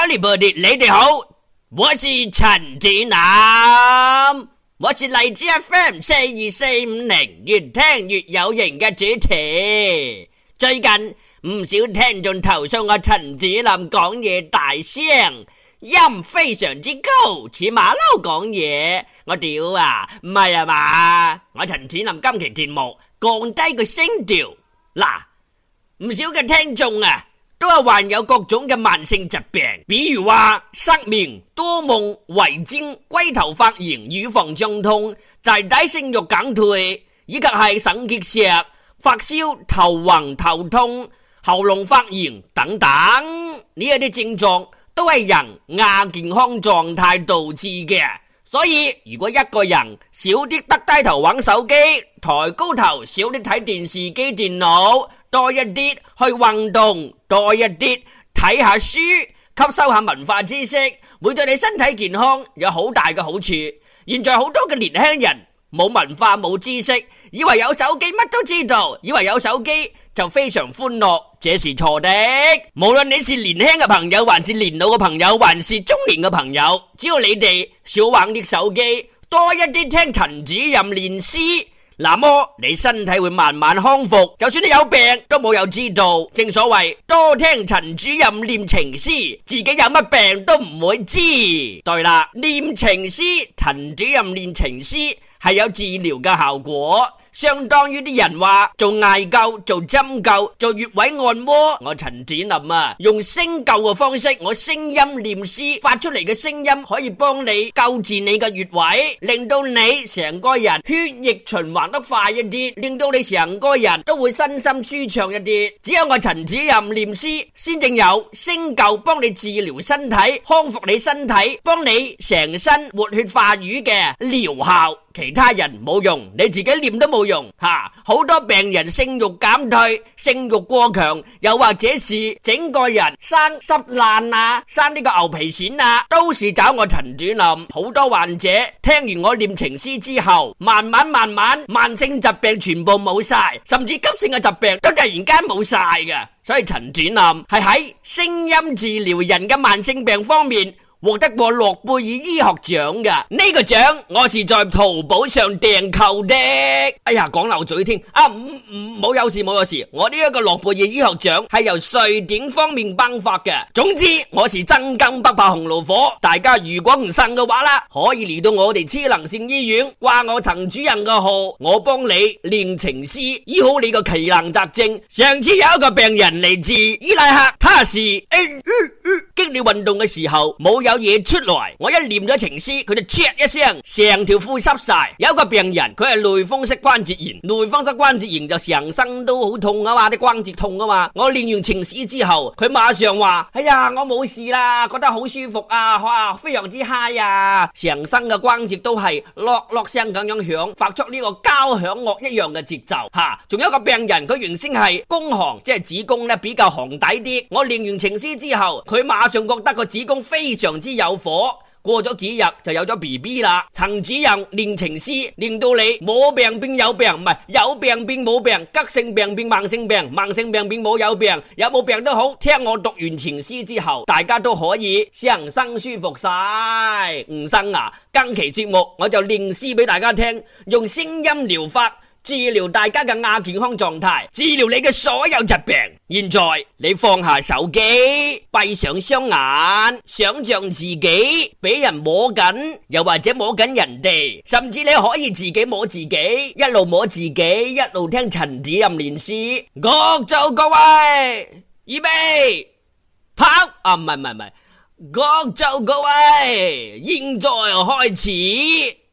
Hello everybody，你哋好，我是陳子林，我是荔枝 FM 四二四五零，越聽越有型嘅主持。最近唔少聽眾投訴我陳子林講嘢大聲，音非常之高，似馬騮講嘢。我屌啊，唔係啊嘛？我陳子林今期節目降低個聲調嗱，唔少嘅聽眾啊。都係患有各種嘅慢性疾病，比如話失眠、多夢、遺精、龜頭發炎、乳房脹痛、仔仔性慾減退，以及係腎結石、發燒、頭暈頭痛、喉嚨發炎等等呢一啲症狀，都係人亞健康狀態導致嘅。所以如果一個人少啲耷低頭玩手機，抬高頭少啲睇電視機、電腦。多一啲去運動，多一啲睇下書，吸收下文化知識，會對你身體健康有好大嘅好處。現在好多嘅年輕人冇文化冇知識，以為有手機乜都知道，以為有手機就非常歡樂，這是錯的。無論你是年輕嘅朋友，還是年老嘅朋友，還是中年嘅朋友，只要你哋少玩啲手機，多一啲聽陳主任念詩。那麼你身體會慢慢康復，就算你有病都冇有知道。正所謂多聽陳主任念情詩，自己有乜病都唔會知。對啦，念情詩，陳主任念情詩係有治療嘅效果。相當於啲人話做艾灸、做針灸、做穴位按摩，我陳子林啊，用聲灸嘅方式，我聲音念詩發出嚟嘅聲音可以幫你救治你嘅穴位，令到你成個人血液循環得快一啲，令到你成個人都會身心舒暢一啲。只有我陳子林念詩先正有聲灸幫你治療身體、康復你身體、幫你成身活血化瘀嘅療效。其他人冇用，你自己念都冇用吓。好多病人性慾減退、性慾過強，又或者是整個人生濕爛啊、生呢個牛皮癬啊，都是找我陳主任。好多患者聽完我念情詩之後，慢慢慢慢，慢性疾病全部冇曬，甚至急性嘅疾病都突然間冇曬嘅。所以陳主任，係喺聲音治療人嘅慢性病方面。獲得過諾貝爾醫學獎嘅呢個獎，我是在淘寶上訂購的。哎呀，講漏嘴添。啊，唔、嗯、唔、冇、嗯、有事冇有事。我呢一個諾貝爾醫學獎係由瑞典方面頒發嘅。總之，我是真金不怕紅爐火。大家如果唔信嘅話啦，可以嚟到我哋痴能線醫院掛我陳主任嘅號，我幫你練情師，醫好你個奇難雜症。上次有一個病人嚟自伊拉克，他是激烈運動嘅時候冇有嘢出來，我一念咗情詩，佢就唰一聲，成條褲濕晒。有個病人佢係類風濕關節炎，類風濕關節炎就成身都好痛啊嘛，啲關節痛啊嘛。我念完情詩之後，佢馬上話：哎呀，我冇事啦，覺得好舒服啊，哇，非常之嗨 i 啊！成身嘅關節都係落落聲咁樣響，發出呢個交響樂一樣嘅節奏吓。仲、啊、有一個病人，佢原先係宮寒，即係子宮咧比較寒底啲。我念完情詩之後，佢馬上覺得個子宮非常之有火，過咗幾日就有咗 BB 啦。陳主任念情詩念到你冇病變有病，唔係有病變冇病，急性病變慢性病，慢性病變冇有病，有冇病都好。聽我讀完情詩之後，大家都可以身心舒服晒。吳生啊，今期節目我就念詩俾大家聽，用聲音療法。治療大家嘅亞健康狀態，治療你嘅所有疾病。現在你放下手機，閉上雙眼，想象自己俾人摸緊，又或者摸緊人哋，甚至你可以自己摸自己，一路摸自己，一路聽陳子任念詩。各就各位，預備跑啊！唔係唔係唔係，各就各位，現在開始。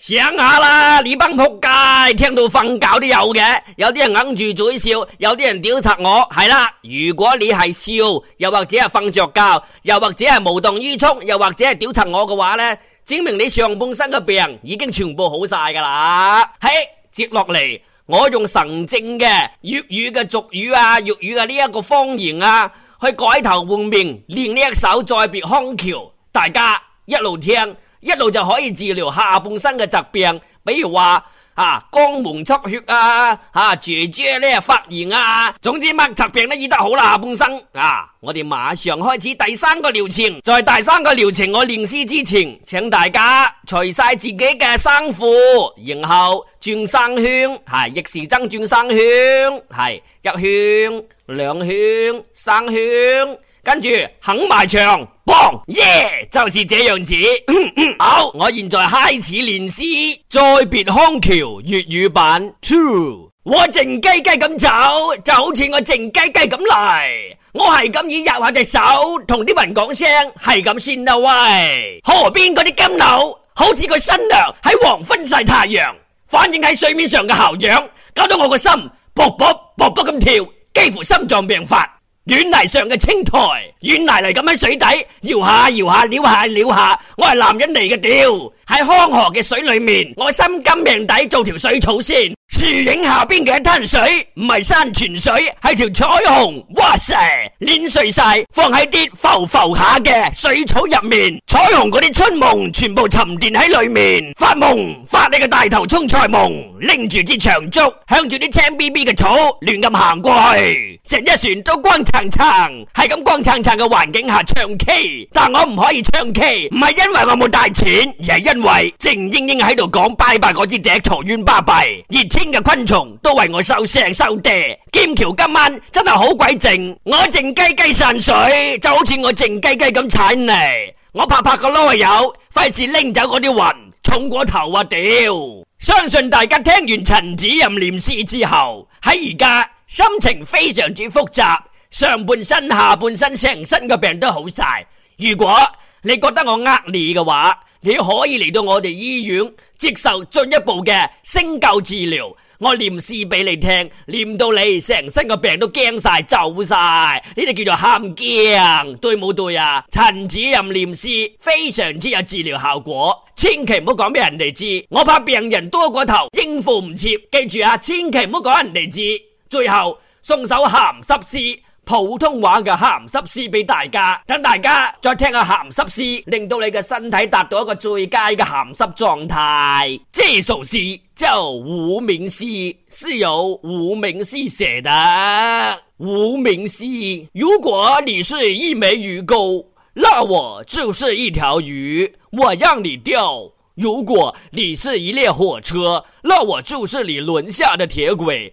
醒下啦，你班仆街聽到瞓覺都有嘅，有啲人揞住嘴笑，有啲人屌柒我，係啦。如果你係笑，又或者係瞓着覺，又或者係無動於衷，又或者係屌柒我嘅話咧，證明你上半身嘅病已經全部好晒噶啦。嘿，接落嚟，我用純正嘅粵語嘅俗語啊，粵語嘅呢一個方言啊，去改頭換面，練呢一首《再別康橋》，大家一路聽。一路就可以治療下半身嘅疾病，比如話啊肛門出血啊，啊 JJ 呢發炎啊，總之乜疾病都醫得好啦，下半身啊，我哋馬上開始第三個療程。在第三個療程我念詩之前，請大家除晒自己嘅衫褲，然後轉三圈，係、啊、逆時針轉三圈，是一圈兩圈三圈，跟住肯埋牆。耶，yeah，就是這樣子。嗯嗯、好，我現在開始練詩。再別康橋，粵語版。True，我靜雞雞咁走，就好似我靜雞雞咁嚟。我係咁以入下隻手，同啲人講聲，係咁先啦喂。河邊嗰啲金柳，好似個新娘喺黃昏曬太陽，反映喺水面上嘅姣樣，搞到我個心卜卜卜卜咁跳，幾乎心臟病發。軟泥上嘅青苔，軟泥嚟咁喺水底搖下搖下撩下撩下，下，我係男人嚟嘅屌，喺康河嘅水裏面，我心甘命抵做條水草先。樹影下邊嘅一灘水唔係山泉水，係條彩虹。哇塞，碾碎晒，放喺啲浮浮下嘅水草入面，彩虹嗰啲春夢全部沉澱喺裏面。發夢，發你個大頭沖菜夢，拎住支長竹，向住啲青 B B 嘅草亂咁行過去，成一船都光燦燦，係咁光燦燦嘅環境下唱 K，但我唔可以唱 K，唔係因為我冇帶錢，而係因為正英英喺度講拜拜嗰支碟，嘈冤巴閉，邊嘅昆蟲都為我收聲收嗲，劍橋今晚真係好鬼靜，我靜雞雞散水，就好似我靜雞雞咁踩嚟。我拍拍個囉柚，費事拎走嗰啲雲，重過頭啊屌！相信大家聽完陳子任念詩之後，喺而家心情非常之複雜，上半身下半身成身嘅病都好晒。如果你覺得我呃你嘅話，你可以嚟到我哋醫院接受進一步嘅星救治療，我念詩俾你聽，念到你成身個病都驚晒走晒，呢啲叫做喊驚，對冇對啊？陳主任念詩非常之有治療效果，千祈唔好講俾人哋知，我怕病人多過頭應付唔切，記住啊，千祈唔好講俾人哋知。最後送首鹹濕詩。普通話嘅鹹濕詩給大家，等大家再聽下鹹濕詩，令到你嘅身體達到一個最佳嘅鹹濕狀態。這首詩叫無名詩，是由無名氏寫的。無名詩，如果你是一枚魚鈎，那我就是一條魚，我讓你釣；如果你是一列火車，那我就是你輪下的鐵軌。